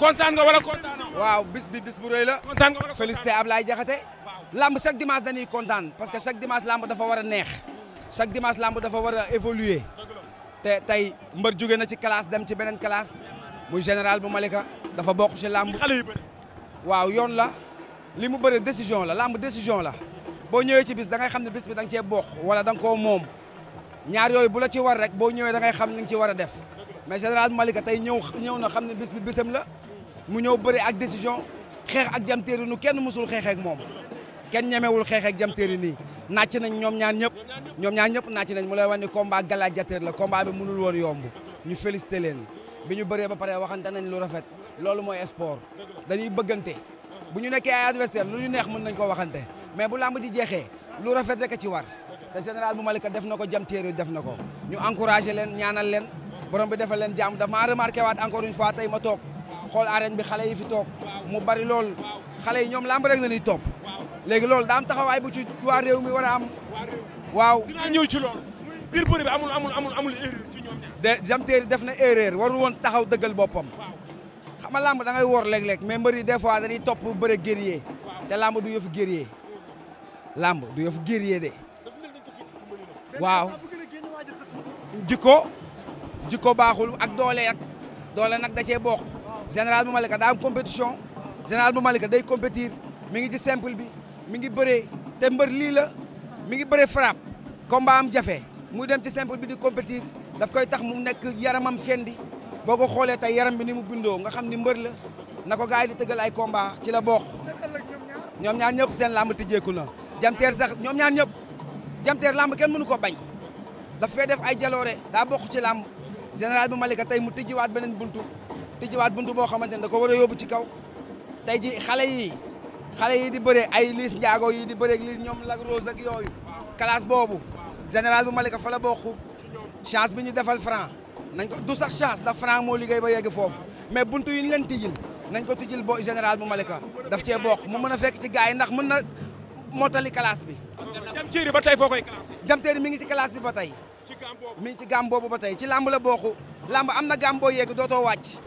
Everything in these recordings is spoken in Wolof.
kontaan nga wala kontaanoo. waaw bis bi bis bu rëy la. kontaan nga wala félicité Ablaye Diakhaté. lamb chaque dimanche kontaan parce que chaque dimanche lamb dafa war a neex. chaque dimanche lamb dafa war a évoluer. te tey mbar jóge na ci classe dem ci beneen classe. muy général bu Malika dafa bokk ci lamb. waaw yoon la. li mu bëri décision la làmb décision la. boo ñëwee ci bis da ngay xam ne bis bi da nga cee bokk wala da nga moom. ñaar yooyu bu la ci war rek boo ñëwee da ngay xam ni nga ci war a def. mais général bu Malika tey ñëw ñëw na xam ne bis bi bisam la. mu ñëw bëri ak décision xeex ak Diam nu kenn mësul xeexeek moom kenn ñemewul xeexeek Diam Terry nii nàcc nañ ñoom ñaan ñëpp ñoom ñaar ñëpp nàcc nañ mu lay wax ni combat gladiateur la combat bi mënul yomb ñu félicité leen bi ñu bëree ba pare waxante nañ lu rafet loolu mooy sport dañuy bëggante bu ñu nekkee ay adversaire lu ñu neex mën nañ ko waxante mais bu làmb ji jeexee lu rafet rek a ci war te général bu Malika def na ko Diam Terry def na ko ñu encouragé leen ñaanal leen borom bi defal leen jàmm daf maa remarqué waat encore une fois tey ma toog xool arène bi xale yi fi toog mu bari lool xale yi ñoom làmb rek la ñuy topp léegi loolu daa am taxawaay bu ci waa réew mi a am waaw dinaa ñëw ci loolu biir bëri bi amul amul amul amul erreur de Diam Terry def na erreur warul woon taxaw dëggal boppam xam nga làmb da ngay woor léeg-léeg mais mbër yi des fois dañuy topp bëre guerrier te làmb du yëfu guerrier làmb du yëfu guerrier de waaw jikko jikko baaxul ak doole ak doole nag da cee bokk général bu Malika daa am compétition général bu Malika day compétir mi ngi ci simple bi mi ngi bëree te mbër lii la mi ngi bëree frappe combat jafe mu dem ci simple bi di compétir daf koy tax mu nekk yaramam fendi boo ko xoolee tey yaram bi ni mu bindoo nga xam ni mbër la na ko gars yi di tëggal ay combat ci la bokk ñoom ñaan ñëpp seen làmb tijjeeku na jamteer sax ñoom ñaar ñëpp jamteer làmb kenn mënu ko bañ daf fee def ay jaloore daa bokk ci làmb général bu Malika tey mu tijjiwaat beneen buntu tijjiwaat buntu boo xamante ne da ko war a yóbbu ci kaw tey ji xale yi xale yi di bëre ay liis njaago yi di bëre liis ñoom Lac Rose ak yooyu classe boobu général bu Malika fa la bokk chance bi ñu defal franc nañ ko du sax chance da franc moo liggéey ba yegg foofu mais buntu yi ñu leen nañ ko tijjil bo général bu Malika daf cee bokk mu mën a fekk ci gars yi ndax mën na mottali classe bi. jamteeri ba tey foo koy classé. jamteeri mi ngi ci classe bi ba tey. ci gàmm mi ci gàmm boobu ba tey ci làmb la bokk làmb am na yegg dootoo wàcc.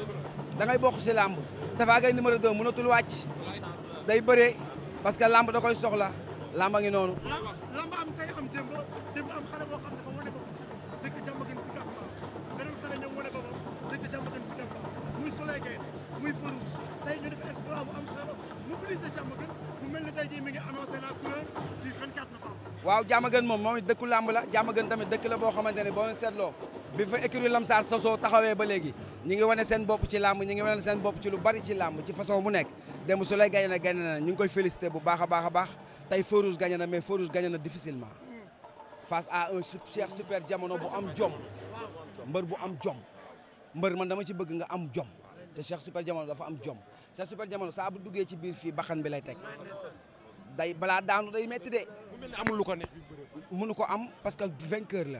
da ngay bokk si làmb Tapha Gueye numéro 2 day bëree parce que làmb da koy soxla làmb a ngi noonu. làmb am tey am démb dëkk Diamaguène Sicap Mbao beneen xale ñëw wane muy Soleil Gaye muy Feu Rouge tey ñu def exploit bu am solo mu mel ni tey jii mi ngi annoncé la couleur du 24 novembre. waaw Diamaguène moom moom dëkku làmb la Diamaguène tamit dëkk la boo xamante ne boo seetloo. bi fa écurie Lamsaar sosoo taxawee ba léegi ñi ngi wane seen bopp ci làmb ñi ngi wane seen bopp ci lu bari ci làmb ci façon bu nekk démb su lay gañe na na ñu ngi koy félicité bu baax a baax a baax tey Farouz gañe mais Farouz gañe na difficilement face à un cheikh super jamono bu am jom mbër bu am jom mbër man dama ci bëgg nga am jom te cheikh super jamono dafa am jom cheikh super jamono saa bu duggee ci biir fii baxan bi lay teg day balaa daanu day metti de. amul ko ne ko am parce que vainqueur la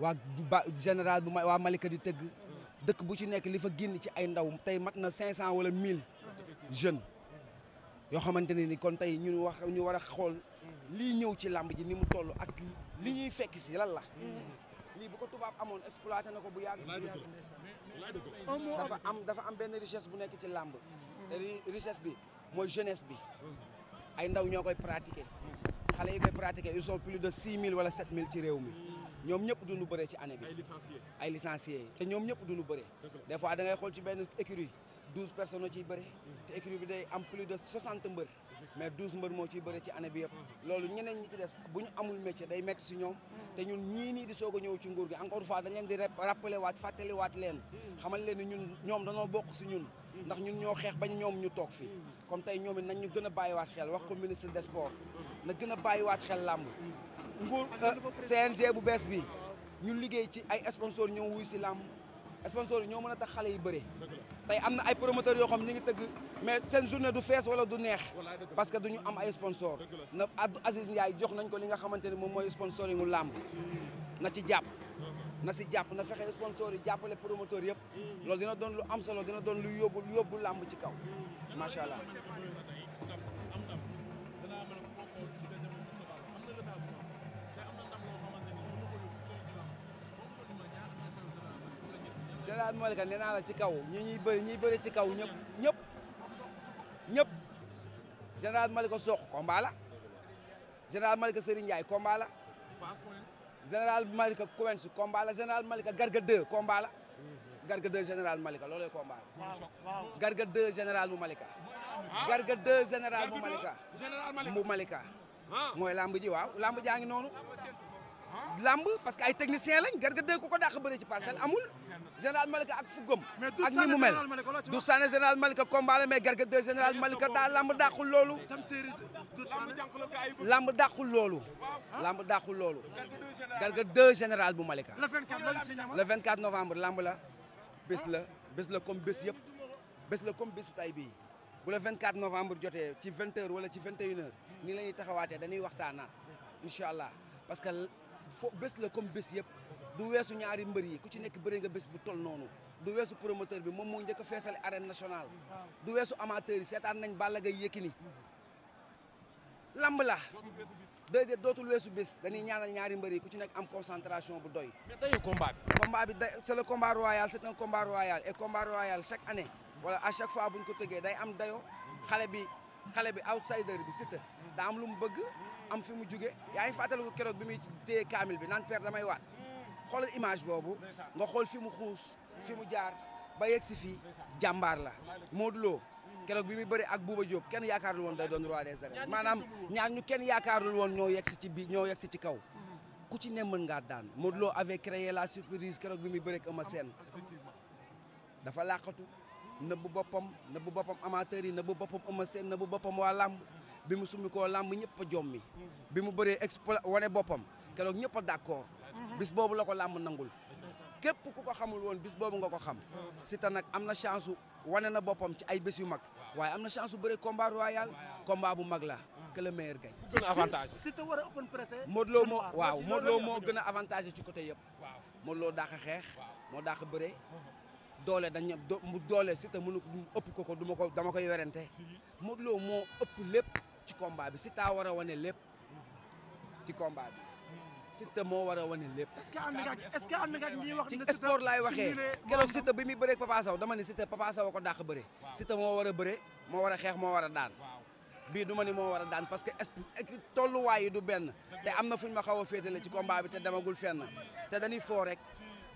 waa ba général bu ma waa Malika di tëgg dëkk bu ci nekk li fa génn ci ay ndaw tey mat na cinq cent wala mille jeunes yoo xamante ne ni kon tey ñu wax ñu war a xool lii ñëw ci làmb ji ni mu toll ak li ñuy fekk si lan la lii bu ko tubaab amoon exploité na ko bu yàgg bu yàgg dafa am dafa am benn richesse bu nekk ci làmb te richesse bi mooy jeunesse bi ay ndaw ñoo koy pratiqué xale yi koy pratiqué ils sont plus de six mille wala sept mille ci réew mi ñom ñëpp duñu bëré ci année bi. ay licenciés ay licenciés té duñu des fois douze personnes qui hum. écurie bi day am plus de 60, mbeur mais 12 mbeur mo ci bëré ci année bi yëpp. Hum. loolu ñeneen ñi des buñu amul métier day métti ci ñom hum. té ñun ñi di encore fois dañ leen di rappeler waat waat leen. xamal leen ñun bokk ñun. comme tay ministre des sports. na gëna xel nguur euh, CNG bu bees bi ñu liggéey ci ay sponsor ñoo wuy si làmb sponsor yi ñoo mën a tax xale yi bëre tey am na ay promoteurs yoo xam ñu ngi tëgg mais seen journée du fees wala du neex parce que duñu am ay sponsor na Abdou Aziz Ndiaye jox nañ ko li nga xamante ne moom mooy sponsoringu làmb na ci jàpp na si jàpp na fexe sponsor yi jàppale promoteur yëpp loolu dina doon lu am solo dina doon lu yóbbu lu yóbbu làmb ci kaw macha allah général mooy que nee ci kaw ñi ñuy bëri ñuy ci kaw ñëpp ñëpp ñëpp général Malika Sokh combat la général Malika Serigne Ndiaye combat la général Malika Kouwens combat la Malika Garga 2 combat la mu Malika Garga 2 mu Malika mooy lamb ji waaw lamb jaa ngi noonu lamb parce que ay technicien lañ Garga 2 ku ko dàq bëri ci parcelle amul général malik ak fugum ak ni mu mel du sané général malik combat mais Garga 2 général malik daa lamb dàqul lolu lamb dàqul lolu lamb dàqul lolu Garga 2 général bu Malika le 24 novembre lamb la bés la bés la comme bés yep bés la comme bésu tay bii bu le 24 novembre joté ci 20 h wala ci 21 h ni lañuy taxawaté dañuy waxtana inshallah parce que bés la comme bés yep du weesu ñaari mbër yi ku ci nekk bëri ga bés bu tol noonu du weesu promoteur bi moom moo njëkk a feesal arène nationale du weesu amateur yi seetaan nañ Balla Gaye Yékini lamb la déedéet dootul weesu bés dañuy ñaanal ñaari mbër yi ku ci nekk am concentration bu doy mais dayu combat bi combat bi da c'est le combat royal c'est un chaque année wala à chaque fois buñ ko tegee day am dayo xale bi xale bi outsider bi Siteu daa lu mu bëgg am fi mu jóge yaa ngi fàttaliku keroog bi muy téye bi naan père damay waat xoolal image boobu nga xool fi mu xuus fi mu jaar ba yegg si fii jàmbaar la Modou Lo keroog bi mu bëri ak Bouba Diop kenn yaakaarul woon day doon roi des arènes maanaam ñaar ñu kenn yaakaarul woon ñoo yegg ci bi ñoo si ci kaw ku ci ne mën ngaa daan Modou Lo avait créé la surprise keroog bi muy bëri ak Eumeu dafa làqatu nëbb boppam nëbb boppam amateur yi nëbb boppam Eumeu Sène nëbb boppam waa làmb bi mu summi koo làmb ñëpp a jommi bi mu bëree expo wane boppam keroog ñëpp a bis boobu la ko làmb nangul képp ku ko xamul woon bis boobu nga ko xam Siteu nag am na chance wane na boppam ci ay bés yu mag waaye am na chance su bëre combat royal combat bu mag la que le a a open moo waaw Modou Lo moo gën a avantage ci côté yëpp. waaw Modou daax a xeex. moo daax a bëre. doole dañ mu doole Siteu mënu ëpp ko ko duma ko dama koy werante Modou Lo moo ëpp lépp ci combat bi Siteu war a wane lépp ci combat bi. Siteu moo war a wane lépp. est-ce que ànd nga est-ce que ànd nga ñuy wax. ci sport laay waxee keroog Siteu bi muy bëree Papa Sow dama ne Siteu Papa Sow ko dàq bëre. Siteu moo war a bëre moo war a xeex moo war a daan. bii du ma ni moo war a daan parce que tolluwaay yi du benn te am na fuñ ma xaw a féetale ci combat bi te demagul fenn te dañuy foo rek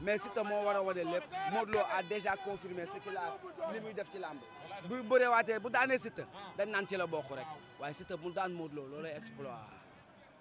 mais Siteu moo war a wane lépp Modou Lo a déjà confirmé ce qu'il a li muy def ci làmb bu bëreewaatee bu daanee Siteu ah. dañ naan ci la bokk rek waaye Siteu mu daan Modou Lo loolay exploit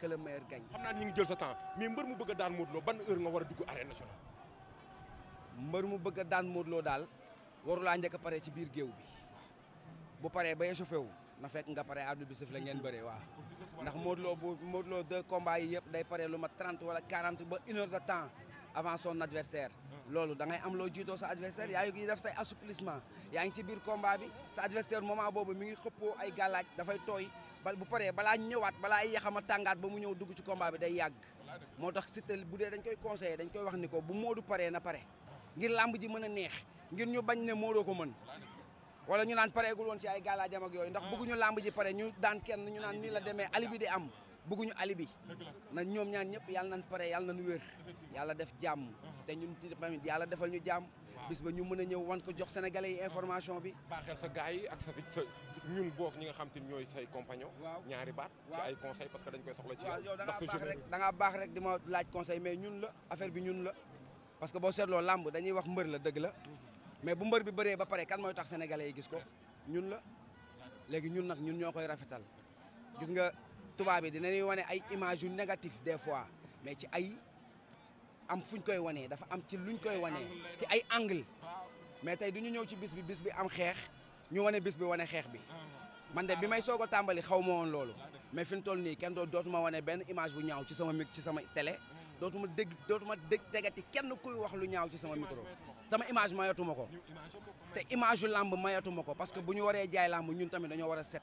que le meilleur xam naa ñu ngi jël sa temps mais mbër mu bëgg a daan Modou Lo ban heure nga war a dugg arène mbër mu bëgg daan Modou Lo daal warulaa njëkk a pare ci biir géew bi bu pare ba échauffé wu na fekk nga pare arbitre bi siffle la ngeen bëre waa ndax Modou Lo bu Modou Lo deux yi yëpp day pare lu ma trente wala quarante ba une heure de temps avant son adversaire loolu da ngay am loo jiitoo sa adversaire yaa ngi def say assouplissement yaa ngi ci biir combat bi sa adversaire moment boobu mi ngi xëppoo ay gàllaaj dafay tooy. bal bu paree balaa ñëwaat balaa ay yaxama tàngaat ba mu ñëw dugg ci combat bi day yàgg moo tax Siteu bu dee dañ koy conseillé dañ koy wax ni ko bu Modou paree na pare ngir làmb ji mën a neex ngir ñu bañ ne Modou ko mën wala ñu naan pareegul woon ci ay gàllaajam ak yooyu ndax bëgguñu làmb ji pare ñu daan kenn ñu naan nii la demee ali bi am bëgguñu alibi na ñoom ñaan ñëpp yàlla nañ pare yàlla nañ wér yàlla def jàmm uh-huh. te ñun tamit yàlla defal ñu jàmm bis ba ñu mën a ñëw want ko jox sénégalais yi uh-huh. information bi baaxeel sa gars ak sa ñi nga xam te ñooy say compagnon ñaari baat ci ay conseil parce que dañ koy soxla ci yow da ngaa baax rek da ngaa di ma laaj conseil mais ñun la affaire bi ñun la parce que boo seetloo lamb dañuy wax mbër la dëgg la uh-huh. mais bu mbër bi bëree ba pare kan mooy tax sénégalais yi gis ko ñun la léegi ñun nag ñun ñoo koy rafetal tubaab yi dinañuy wane ay image des fois mais ci ay am fuñ koy dafa am angle mais tey du ñëw ci bis bi am ñu bis bi bi man de bi may mais image bu ñaaw ci sama ci sama télé micro sama image parce que bu ñu jaay ñun tamit set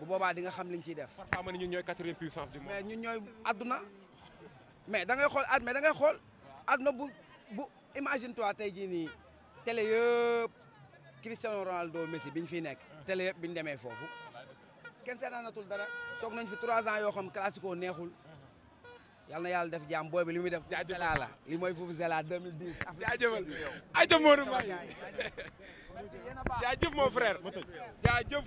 bu boobaa di nga xam liñ ciy def. parfois ma ne ñun ñooy quatrième puissance du monde. mais ñun ñooy adduna mais da ngay xool ad mais da ngay xool adduna bu bu imagine toi tey jii nii télé yëpp Cristiano Ronaldo Messi biñ fiy nekk. télé yëpp biñ demee foofu kenn seetaanatul dara toog nañ fi trois ans yoo xam classico neexul. yàlla na yàlla def jàmm booy bi li muy def. jaajëfal Zela la li mooy foofu Zela 2010. jaajëfal ayca Modou Mbaye jaajëf mon frère jaajëf.